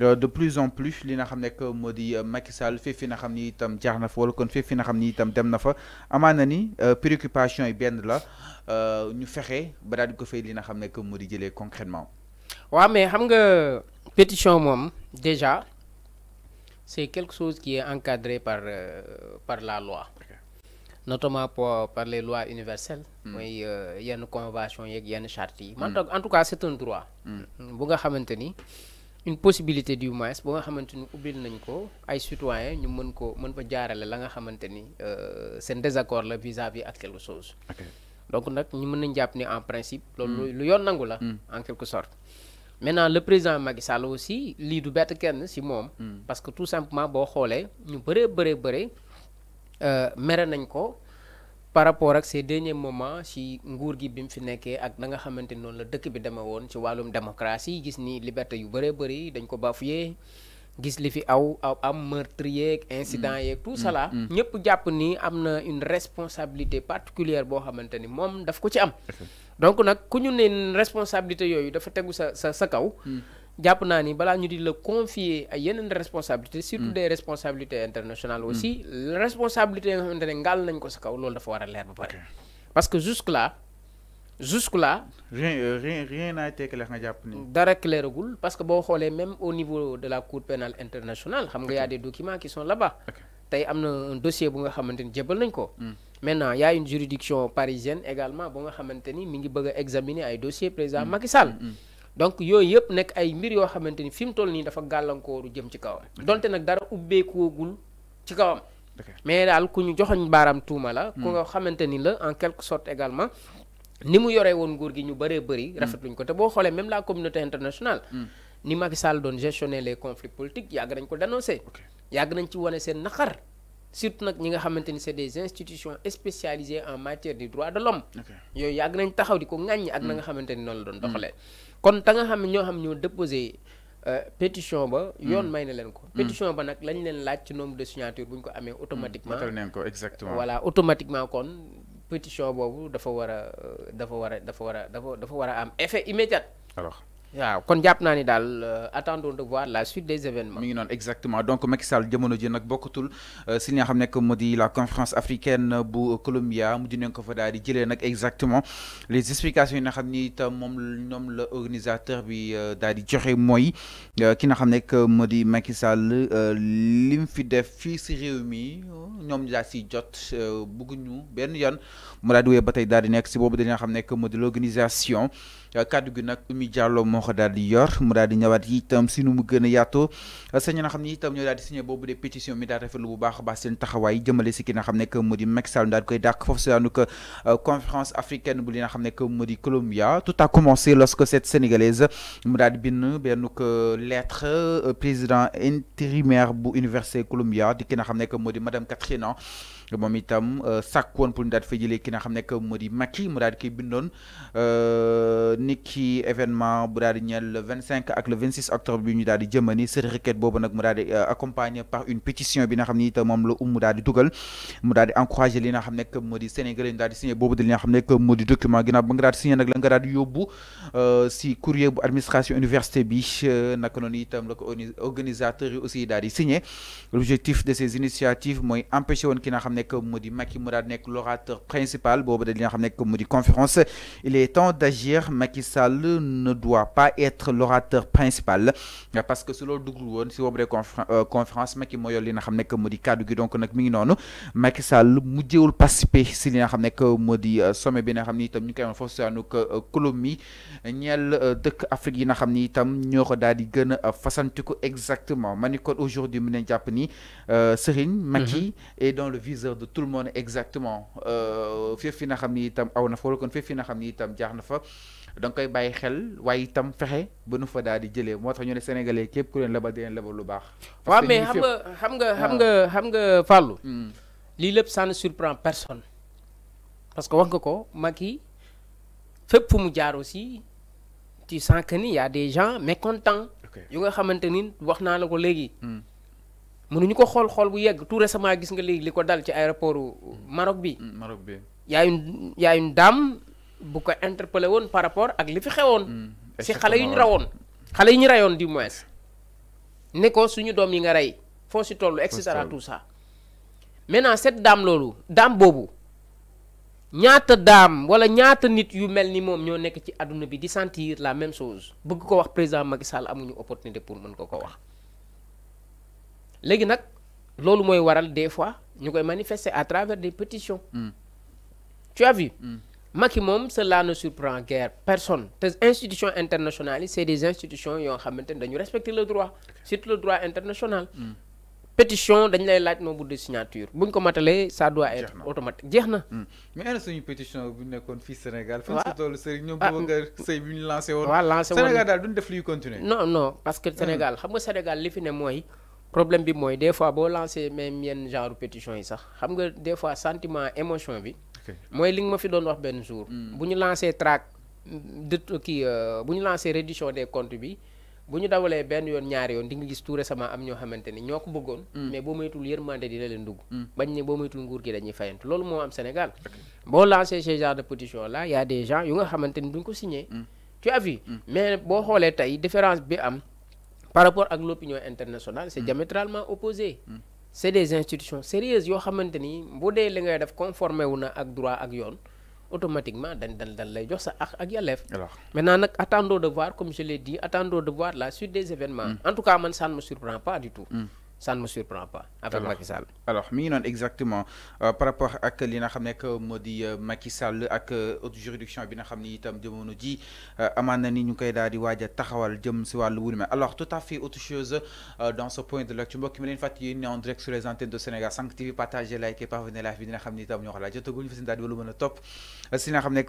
Euh, de plus en plus li nga xam nekk moo di euh, Macky Sall fii nga xam ni itam jaax na fa wala kon fii na nga xam ni itam dem na fa amaan na ni euh, préoccupation yi benn la ñu fexe ba daal di ko fay li na xam nekk moo di jëlee concrètement waa mais xam nga pétition moom déjà c'est quelque sos qui est encadré par par la loi notamment pour par les lois universelles mm. mooy yenn convention yeeg yenn charte yi mm. man en tout cas c'est un droit mm. bu nga xamante ni une possibilité du moins ba nga xamante ni ubbil nañ ko ay citoyens ñu mën ko mën fa jaarale la nga xamante ni euh, seen désaccord la vis-à-vis ak quelque chose. donc nag ñu mën nañ jàpp ni en principe. loolu hmm. lu yoon nangu la. Hmm. en quelque sorte. maintenant le président Macky Sall aussi lii du bett kenn si moom. Hmm. parce que tout simplement boo xoolee ñu bëree bëree bëri euh, mere nañ ko. par rapport ak ces derniers moment ci nguur gi bi mu fi nekkee ak na nga xamante noonu la dëkk bi demee woon ci wàllum démocratie gis ni liberté yu bëree bëri dañ ko bafoué gis li fi aw aw am meurtrier ak incident mm. yeeg tout cela mm. mm. ñëpp jàpp ni am na une responsabilité particulière boo xamante ni moom daf ko ci am donc nag ku ñu ne responsabilité yooyu dafa tegu sa sa sa kaw jàpp naa ni balaa ñu di la confier ay yeneen responsabilité mm. surtout des responsabilité internationales aussi mm. responsabilité yoo xamante nañ ko sa kaw loolu dafa war a leer ba pare parce que jusque là jusque là rien euh, rien rien n'a été nga jàpp dara clairagul parce que boo xoolee même au niveau de la cour pénale xam nga a des documents qui sont là-bas tey am na un dossier bu nga xamante ni jébal nañ ko mm. maintenant y a une juridiction parisienne également bu nga xamante ni mi ngi bëgg a examiner ay dossier président Macky Sall donc yooyu yëpp nekk ay mbir yoo xamante ni fi mu toll nii dafa gàllankooru jëm ci kawam donte nag dara ubbeekoogul ci kawam mais daal ku ñu joxoñ baaraam tuuma la ku hmm. nga xamante ni la en quelque sorte également ni mu yoree woon nguur gi ñu bëree bëri hmm. rafetluñ ko te boo xoolee même la communauté internationale hmm. ni Macky Sall doon gestionner les conflits politiques yàgg nañ ko dénoncer yàgg nañ ci wane seen naqar surtout nag ñi nga xamante ni c'est des institutions spécialisées en matière du droit de l'homme yooyu yàgg nañ taxaw di ko ŋàññi ak na nga mm. xamante ni noonu la doon mm. doxalee kon ta nga xam ne ñoo xam ñoo déposé euh, pétition ba mm. yoon may na leen ko pétition ba nag lañ leen laaj ci nombre de signature bu ñu ko amee automatiquement exactement voilà automatiquement kon pétition boobu dafa war a euh, dafa war a dafa war a dafa dafa war a am effet immédiat waaw kon jàpp naa ni daal euh, attendons de voir la suite des événements. mi ngi noonu exactement donc Macky Sall jamono ji nag bokkatul euh, si li nga xam nekk di la conférence africaine bu Colombia mu dinañ ko daal di jëlee nag exactement les explications yi nga xam ni moom ñoom la organisateur bi euh, daal di joxe mooy ki nga xam nekk moo di Macky Sall li mu fi def fii si réew mi ñoom daal si jot bëgguñu benn yoon mu daal di wéy ba tey daal di nekk si boobu dañoo xam nekk moo di l' organisation kàddu nag Oumy Diallo moo ko daal di yor mu daal a yaatoo sëñ na xam ni itam ñoo daal di signé boobu de pétition mi daal rafetlu bu baax a baax seen ne que mu di Macky Sall daal di koy dàq foofu si daanu que euh, conférence africaine bu li nga xam ne que Colombia tout a commencé lorsque cette sénégalaise mu daal di bind benn que euh, lettre euh, président intérimaire bu université Colombia di ki xam ne que madame Catherine moom itam sàkk woon pour ñu daal di fa ki nga xam ne moo di Macky mu daal koy bindoon ni événement bu daal di ñeel le octobre bi ñu daal di jëmani cette requête boobu nag mu daal di accompagné par une pétition bi nga xam ne itam moom la um mu daal di dugal mu daal li ñu daal di signé boobu de li nga xam di document l'objectif de ces initiatives mooy empêché woon ki nga xam ne nekk mu daal nekk l'orateur principal boobu da li nga xam nekk mu di conférence il est temps d'agir Macky Sall ne doit pas être l'orateur principal parce que su loolu dugul woon si boobu de euh, conférence Macky moo yor li nga xam nekk mu di kaddu gi donc nag mi ngi noonu Macky Sall mujjewul participer si li nga xam nekk mu di euh, sommet bi nga xam ni itam ñu koy amal foofu saanu euh, Colombie ñeel dëkk Afrique yi nga xam ni itam ñoo ko daal di gën a fasantiku exactement ma ni kon aujourd'hui mu ne jàpp ni Serigne Macky mhm. est dans hauteur de tout le monde exactement euh, fépp fi nga xam ni itam aw na fa wala kon fépp fi nga xam ni itam jaax na fa da nga koy bàyyi xel waaye itam fexe ba nu fa daal di jëlee moo tax ñu ne sénégalais képp ku leen lebal di leen lebal lu baax. waaw mais xam nga xam nga xam nga xam nga Fallou. Hmm. lii lépp ça ne surprend personne. parce que wax nga ko Macky fépp fu mu jaar aussi tu sens que ni a des gens mécontents. yu nga xamante ni wax naa la ko léegi. Hmm. mënuñu ko xool xool bu yegg tout récemment gis nga léegi li ko dal ci aéroport Maroc bi. Mm, Maroc bi yaa une yaa bu ko interpellé woon par rapport ak li fi xewoon. Mm, si xale yu ñu rawoon. xale yi ñu rayoon du moins. ne ko suñu doom yi nga rey foo si toll et cetera tout ça. maintenant cette dame loolu dame boobu ñaata dame wala ñaata nit yu mel ni moom ñoo nekk ci àdduna bi di sentir la même chose bëgg ko wax président Macky Sall amuñu opportunité pour mën ko ko wax. léegi nag loolu mooy waral des fois ñu koy manifester à travers des pétitions. Hmm. tu as vu. Hmm. Macky moom cela ne surprend guère personne te institutions internationale yi c'est des institutions yoo xamante ne dañu respecter le droit surtout le droit international. Hmm. pétition dañ lay laaj nombre de signature buñ ko matalee ça doit être automatique jeex na. mais su ñu pétition bu ñu nekkoon fii Sénégal. waaw fan si toolu Serigne ñoom ah, bu nga sëy bi ñu lancé woon. def luy continuer. non parce que Sénégal xam nga Sénégal li fi ne mooy. problème bi mooy des fois boo lancé même yenn genre pétition yi sax xam nga des fois sentiment émotion bi. mooy li nga ma fi doon wax benn jour. Hmm. bu ñu lancé track de kii euh, bu ñu lancé reddition des comptes bi bu ñu dawalee benn yoon ñaari yoon di nga gis tout récemment am ñoo xamante ni ñoo ko bëggoon. Hmm. mais boo moytuwul yërmande dina leen dugg. Hmm. bañ ne boo moytuwul nguur gi dañuy fayantu loolu moo am Sénégal. boo lancé ce genre de pétition la y a des yu nga xamante ni duñ ko signé. tu mais boo xoolee tey différence bi am. par rapport ak l'opinion internationale c'est mm. diamétralement opposé mm. c'est des institutions sérieuses yoo xamante ni bu dee li ngay def conformé wu na ak droit ak yoon automatiquement dañ dañ dañ lay jox sa ak ak yelleef maintenant nag attendons de voir comme je l'ai dit attendons de voir la suite des événements mm. en tout cas man ça ne surprend pas du tout ça ne me surprend pas avec Macky Sall euh, li nga xam ne que moo di euh, Macky Sall ak haute euh, juridiction bi na xam ni itam no ji amaan na ni ñu koy daal di waaj a taxawal jëm si wàllu wuri alors tout à fait autre chose dans ce point de lecture mbokk mi leen fàttali yéen en direct sur les antennes de Sénégal 5 TV partagez like et parvenez live bi dina xam ni itam jot xam la jotaguñu fa seen daal di wala mën a topp si nga xam ne